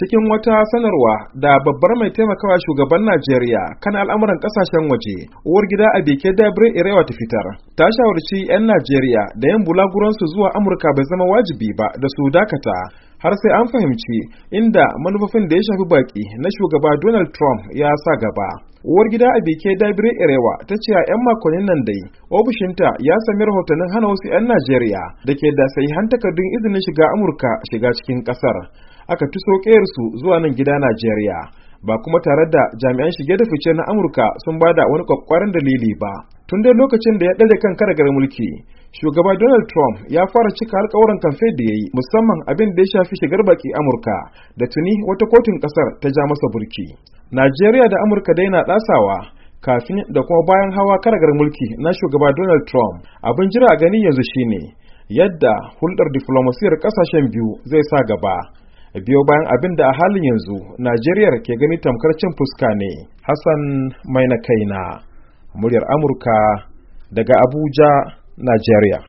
cikin wata sanarwa da babbar mai taimakawa shugaban Najeriya kan al'amuran kasashen waje uwar gida a beke dabre irewa ta fitar ta shawarci 'yan Najeriya da yin bulaguransu zuwa Amurka bai zama wajibi ba da su dakata har sai an fahimci inda manufofin da ya shafi baki na shugaba Donald Trump ya sa gaba. Uwar gida a beke Dabire irewa ta ce a 'yan makonnin nan dai, ofishinta ya sami rahotannin hana wasu 'yan Najeriya da ke da sahihan takardun izinin shiga Amurka shiga cikin ƙasar. aka tuso ƙeyarsu zuwa nan gida Najeriya ba kuma tare da jami'an shige da fice na Amurka sun bada wani kwakwaran dalili ba. Tun dai lokacin da ya ɗare kan karagar mulki, shugaba Donald Trump ya fara cika alkawuran kamfe da ya yi musamman abin da ya shafi shigar baki Amurka da tuni wata kotun ƙasar ta ja masa burki. Najeriya da Amurka dai na ɗasawa kafin da kuma bayan hawa karagar mulki na shugaba Donald Trump abin jira gani yanzu shine yadda hulɗar diflomasiyar ƙasashen biyu zai sa gaba biyo bayan abin da a halin yanzu najeriya ke gani tamkar cin fuska ne hassan mai na kaina muryar amurka daga abuja najeriya